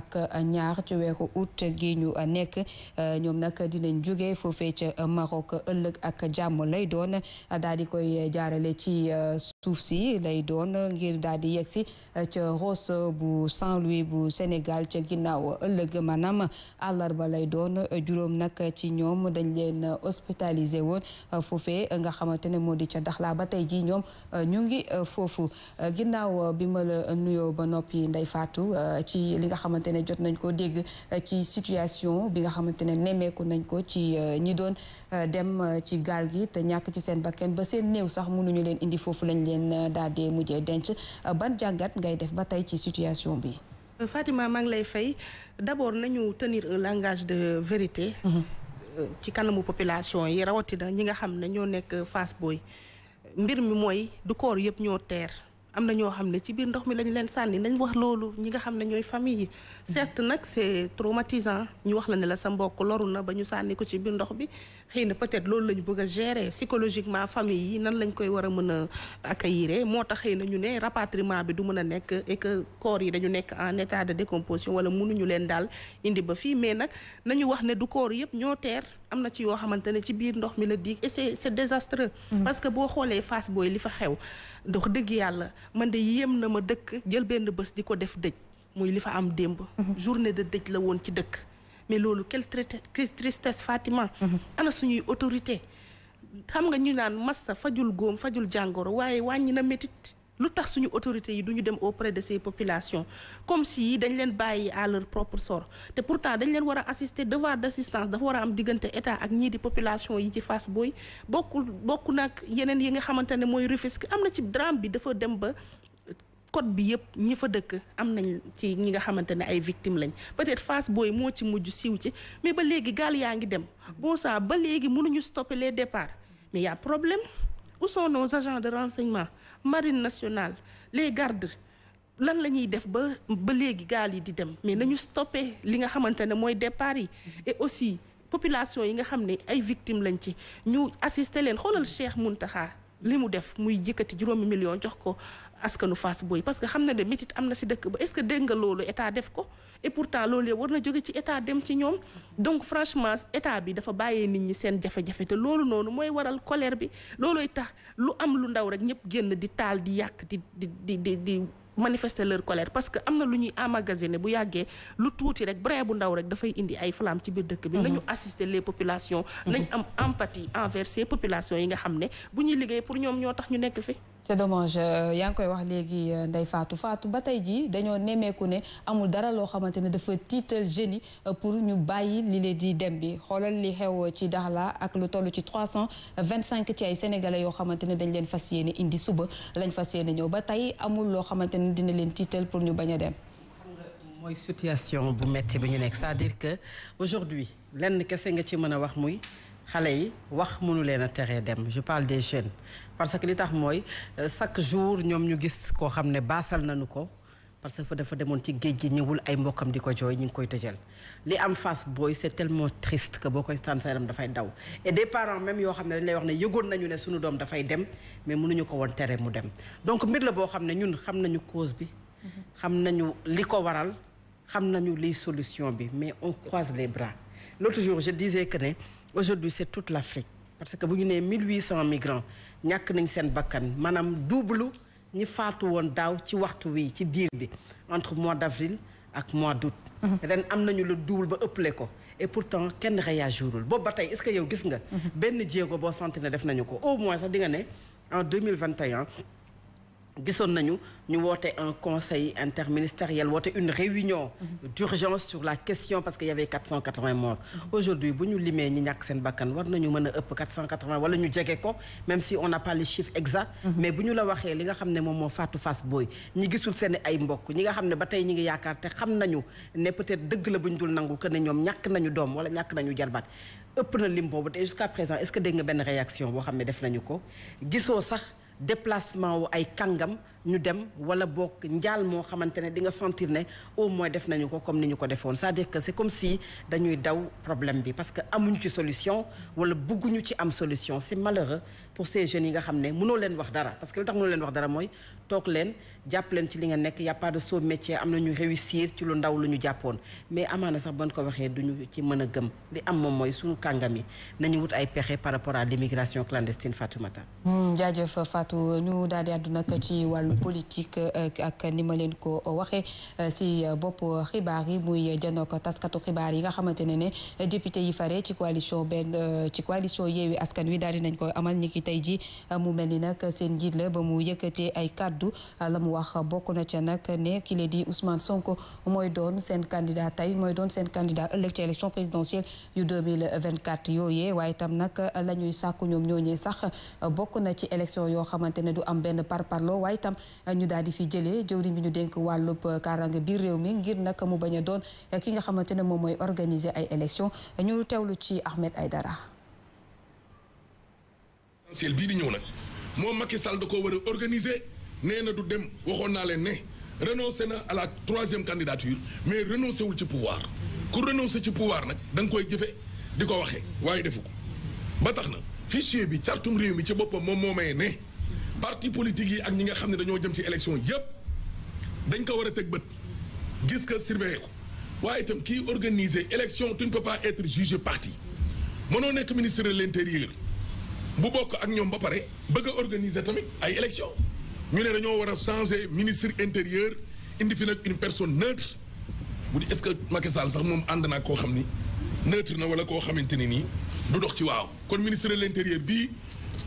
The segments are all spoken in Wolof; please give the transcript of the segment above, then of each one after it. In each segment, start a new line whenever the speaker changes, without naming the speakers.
ak eh, ñaar ci weeru août gi ñu eh, nekk eh, ñoom nag dinañ jóge foofee ca Maroc ëllëg ak jàmm lay doon daal di koy jaarale ci suuf si lay doon ngir daal di yegg si eh, ca Ross bu Saint-Louis bu Sénégal ca ginnaaw ëllëg maanaam àllarba lay doon juróom nag ci ñoom dañ leen hospitalisé woon eh, foofee nga xamante ne moo di ca Daxla ba tey ji ñoom eh, ñu ngi foofu ginnaaw bi ma la nuyoo ba noppi Ndeye Fatou ci li nga xamante ne jot nañ ko dégg ci situation bi nga xamante ne nemmeeku nañ ko ci ñi doon dem ci gaal gi te ñàkk ci seen bakkan ba seen néew sax mënuñu leen indi foofu lañ leen ngeen euh, daal di mujjee denc euh, ban jàngat ngay def ba tey ci situation bi.
Fatima maa ngi lay fay d'abord nañu tenir un langage de vérité. Mhm. Euh, ci kanamu population yi rawatina ñi nga xam ne ñoo nekk Fass Boye mbir mi mooy du koor yëpp ñoo teer. am na ñoo xam ne ci biir ndox mi lañ leen sànni nañ wax loolu ñi nga xam ne ñooy famille yi certes nag c'est traumatisant ñu wax la ne la sa mbokk loru na ba ñu sànni ko ci biir ndox bi xëy na être loolu la ñu bëgg a gérer psychologiquement famille yi nan lañ koy war a mën a accueillir moo tax xëy na ñu ne rapatriement bi du mën a nekk que corps yi dañu nekk en état de décomposition wala mënuñu leen daal indi ba fii mais nag nañu wax ne du corps yëpp ñoo teer am na ci yoo xamante ne ci biir ndox mi la diig et c'est c'est mm. parce que boo xoolee face booy li fa xew ndox dëgg yàlla man de yéem na ma dëkk jël benn bés di ko def dëj muy li fa am démb. Mhm. journée de dëj la woon ci dëkk. mais loolu quelle tristesse fatiment mhm. ala suñuy autorité xam nga ñu naan massa fajul góom fajul jàngoro waaye wàññi na métit lu tax suñu autorités yi du ñu dem auprès de ces population comme si yi dañ leen bàyyi à leur propre sort te pourtant dañ leen war a assister devoir d' assistance dafa war am diggante état ak ñii di population yi ci Fass booy bokkul bokku nag yeneen yi nga xamante ne mooy Rufisque am na ci drame bi dafa dem ba code bi yëpp ñi fa dëkk am nañ ci ñi nga xamante ne ay victimes lañ peut-être Fass Boye moo ci mujj siiw ci mais ba léegi gaal yaa ngi dem bon saa ba léegi mënuñu stopper les mais problème où sont nos de renseignement marine nationale les gardes lan la ñuy def ba ba léegi gaal yi di dem mais nañu stoppé li nga xamante ne mooy départ yi et aussi population yi nga xam ni ay victimes lañ ci ñu assister leen xoolal Cheikh Mountakha li mu def muy jëkkati juróomi million jox ko askanu Fass Boye parce que xam na ne métit am na si dëkk ba est-ce que dégg nga loolu état def ko et pourtant loolu yëpp war na jóge ci état dem ci ñoom donc franchement état bi dafa bàyyee nit ñi seen jafe-jafe te loolu noonu mooy waral colère bi loolooy tax lu am lu ndaw rek ñëpp génn di taal di yàq di di di di. manifester leur colère parce que am na lu ñuy emmagasiner bu yàggee lu tuuti rek brin bu ndaw rek dafay indi ay flamme ci biir dëkk bi mhm. nañu assister les populations mhm. nañ am empathie envers ces populations yi nga xam ne bu ñuy liggéey pour ñoom ñoo tax ñu nekk fi
c'est dommage euh, yaa ngi koy wax léegi euh, Ndeye faatu faatu ba tey jii dañoo nemmeeku ne amul dara loo xamante ne dafa tiital jeunes yi pour ñu bàyyi li leen di dem bi xoolal li xew ci Dakhla ak lu toll ci 325 ci ay sénégalais yoo xamante ne dañ leen fas yéene indi suba lañ fas yéene ñëw ba tey amul loo xamante ne dina leen tiital pour ñu bañ a dem.
mooy situation bu metti bi ñu nekk c'est-à-dire que aujourd'hui lenn kese nga ci mën a wax muy. xale yi wax mënu leen a teree dem je parle des jeunes parce que li tax mooy euh, chaque jour ñoom ñu gis koo xam ne baasal nañu ko parce que dafa demoon ci géej gi ñëwul ay mbokkam di ko jooy ñu ngi koy tëjal li am face booy c'est tellement triste que boo koy sànni sa dafay daw et des parents même yoo xam ne dañ lay wax ne yëgoon nañu ne suñu doom dafay dem mais mënuñu ko woon tere mu dem donc mbir la boo xam ne ñun xam nañu cause bi mhm. xam nañu li ko waral xam nañu liy solution bi mais on croise les bras l'autre jour je disais que ne aujourd'hui c'est toute l'Afrique parce que bu ñu nee 1800 migrants ñàkk nañ seen bakkan maanaam double ñi faatu woon daaw ci waxtu wii ci diir bi entre mois d'avril ak mois d'août mhm. ren am nañu lu double ba ëppale ko et pourtant kenn réagirul boobu ba tey est-ce yow gis nga mhm. benn jéego boo santi ne def nañu ko au moins sax di nga ne en 2021 gisoon nañu ñu woote un conseil interministériel woote une réunion d'urgence sur la question parce que y avait 480 morts aujourd'hui bu ñu limee ñi ñàkk seen bakkan war nañu mën a ëpp 480 wala ñu jege ko même si on n'a pas les mhm. mais bu ñu la waxee li nga xam ne moom moo faatu fas booy ñi gisul seen ay mbokk ñi nga xam ne ba tey ñi ngi yaakaar te xam nañu ne peut-être dëgg la bu ñu dul nangu que ne ñoom ñàkk nañu doom wala ñàkk na lim boobu te jusqu'à présent est-ce que dégg nga benn réaction boo ko gisoo sax déplacement wu ay kàngam ñu dem wala bokk njaal moo xamante ne di nga sentir ne au moins def nañu ko comme ni ñu ko defoon cest dire que c'est comme si dañuy daw problème bi parce que amuñu ci solution wala bëgguñu ci am solution c'est malheureux pour ces jeunes yi nga xam ne mënoo leen wax dara parce que li tax mënoo leen wax dara mooy toog leen jàpp leen ci li nga nekk y a pas de sot métier am nañu réussir ci lu ndaw lu ñu jàppoon mais amaana sax ban ko waxee duñu ci mën a gëm li am moom mooy suñu kàngam yi nañu wut ay pexe par rapport à l'immigration clandestine Fatoumata
hmm, jaajëf Fatou ñu daal di wàllu politique euh, ak ni ma leen ko waxee euh, si euh, bopp xibaar yi muy janook taskatu xibaar yi nga xamante ne ne député yi fare ci coalition benn ci coalition yeewi askan wi daal di nañ ko amal ni ki tey ji mu mel ni nag seen njiit la ba mu yëkkatee ay kàddu la mu wax bokk na ca nag ne ki le di Ousmane Sonko mooy doon seen candidat tey mooy doon seen candidat ëllëg ci élection présidentielle yu 2024 yooyee waaye tam nag la ñuy sàkku ñoom ñooñee sax bokk na ci élection yoo xamante ne du am benn parparloo ñu daal di fi jëlee jëwriñ bi ñu dénk wàllu euh, kaaraange biir réew mi ngir nag mu bañ a doon euh, ki nga xamante ne moom mooy organiser ay élections ñu teewlu ci Ahmed Aydara.
essentiel bii di ñëw nag moom Macky Sall da koo war organiser nee na du dem waxoon naa leen ne renoncé na à la troisième candidature mais renoncé wul ci pouvoir ku renoncé ci pouvoir nag da nga koy jëfe di ko waxee waaye defu ko ba tax na fichier bi cartum réew mi ci boppam moom moo may ne. parti politique yi ak ñi nga xam ne dañoo jëm ci élection yépp dañ ko war a teg bët gis ko surveiller ko waaye tam kii organiser élection tu ne peux pas être jugé parti mënoo nekk ministre de l'intérieur bu bokk ak ñoom ba pare bëgg a organiser tamit ay élection ñu ne dañoo war a changer ministre intérieur indi fi nag une personne neutre bu di est-ce que Macky sax moom ànd naa koo xam ni neutre na wala koo xamante ni nii du dox ci waaw kon ministre de l'intérieur bii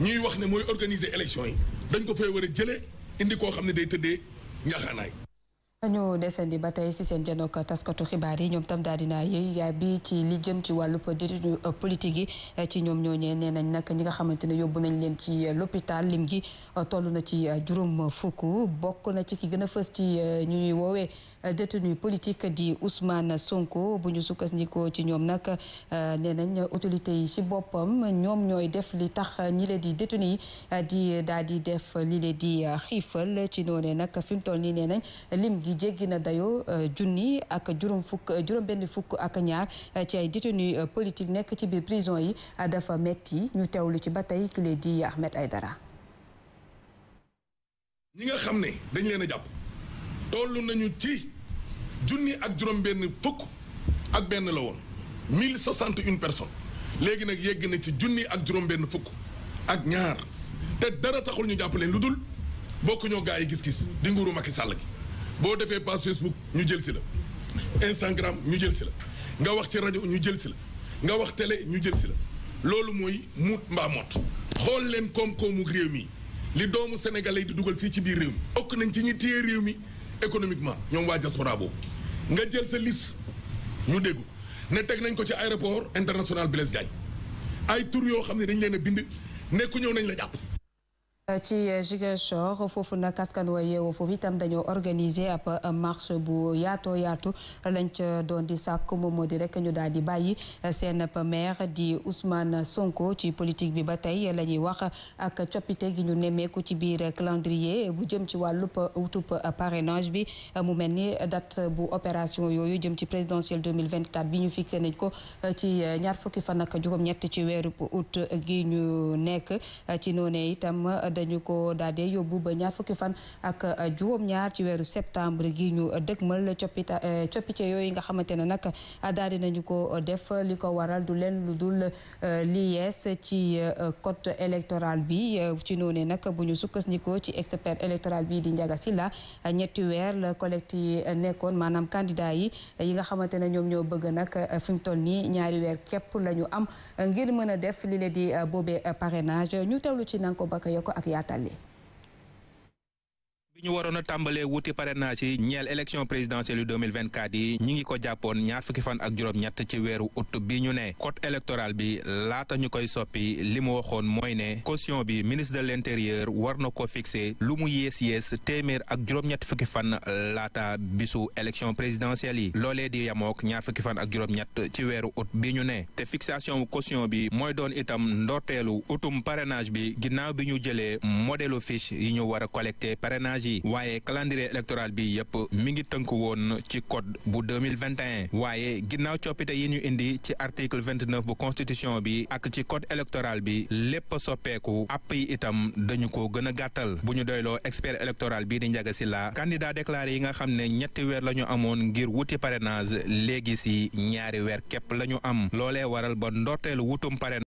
ñuy wax ne mooy organiser élection yi dañ ko fay war a jëlee indi koo xam ne day tëddee njaaxaanaay
dañu desandi ba tey si seen janook taskatu xibaar yi ñoom tam daal dinaa yëy yaay bi ci li jëm ci wàllu détenu euh, yi euh, ci ñoom ñooñee nee nañ nag ñi nga xamante ne yóbbu nañ leen ci euh, l'hôpital lim gi toll na ci juróom fukk bokk na ci ki gën a fës ci ñuy woowee détenu politique di Ousmane Sonko bu ñu sukkandikoo ci ñoom nag nee nañ autorité yi si boppam ñoom ñooy def li tax ñi leen di détenu yi di daal di def li leen di xiifal ci noonee nag fi mu toll nii lim gi gi jéggi na dayoo euh, junni ak juróom fukk benn fukk ak ñaar euh, ci ay détenus euh, politique nekk ci biir prison yi dafa metti ñu teewlu ci ba tey ki lay di ay dara
ñi nga xam ne dañ leen a jàpp toll nañu ci junni ak juróom benn fukk ak benn la woon mille soixante nag yegg na ci junni ak juróom fukk ak ñaar te dara taxul ñu jàpp leen lu dul bokku ñoo gaa yi gis-gis di nguuru Macky Sall gi boo defee page Facebook ñu jël si la Instagram ñu jël si la nga wax ci rajo ñu jël si la nga wax tele ñu jël si la loolu mooy muut mbaa mot xool leen koom-koomu réew mi li doomu sénégalais di dugal fii ci biir réew mi okk nañ ci ñi téye réew mi économiquement ñoom waa diaspora boobu nga jël sa liste ñu déggu ne teg nañ ko ci aéroport international Blaise Diagne ay tur yoo xam ne dañ leen a bind nekku ñëw nañ la jàpp
ci Ziguinchor foofu nag askan wa yeewoo foofu itam dañoo organiser ab marche bu yaatoo yaatu lañ ca doon di sàkk moom moo di rek ñu daal di bàyyi seen maire di Ousmane Sonko ci politique bi ba tey la ñuy wax ak coppite gi ñu nemmeeku ci biir calendrier bu jëm ci wàllub wutub parrainage bi mu mel ni date bu opération yooyu jëm ci présidentielle 2024 bi ñu fixé nañ ko ci ñaar fukki fan ak juróom-ñett ci weeru août gi ñu nekk ci noonee itam. dañu ko daal di yóbbu ba ñaar fukki fan ak uh, juróom-ñaar ci weeru septembre gi ñu dëgmal coppita uh, coppite yooyu nga xamante ne nag uh, daal di nañu ko def li ko waral du leen lu dul li yees ci code électoral bi ci noonee nag bu ñu sukkandikoo ci expert électoral bi di Ndiaga la ñetti weer la collecte yi nekkoon maanaam candidat yi yi nga xamante ne ñoom ñoo bëgg nag fi ñu toll nii ñaari weer képp la ñu am ngir mën a def li leen di boobee parrainage ñu teewlu ci nanko baka yokk ak yaatal
ñu waroon a tàmbalee wuti parrainage yi ñeel élection présidentielle yu 2024 yi ñi ngi ko jàppoon ñaar fukki fan ak juróom-ñett ci weeru août bi ñu nee code électoral bi laata ñu koy soppi li mu waxoon mooy ne caution bi ministre de l'intérieur war na ko fixé lu mu yées yées téeméer ak juróom-ñett fukki fan laata bisu élection présidentielle yi loolee di yamook ñaar fukki fan ak juróom-ñett ci weeru août bi ñu ne te fixation caution bi mooy doon itam ndorteelu utum parrainage bi ginnaaw bi ñu jëlee modèlu fiche yi ñu war a collecté parrainage yi bi waaye calendrier électoral bi yëpp mi ngi tënk woon ci code bu 2021 waaye ginnaaw coppite yi ñu indi ci article 29 bu constitution bi ak ci code électoral bi lépp soppeeku app yi itam dañu ko gën a gàttal bu ñu doyloo expert électoral bii di njaga silla la candidat déclaré yi nga xam ne ñetti weer la ñu amoon ngir wuti parrainage léegi si ñaari weer képp lañu am loolee waral ba ndorteelu wutum parrainage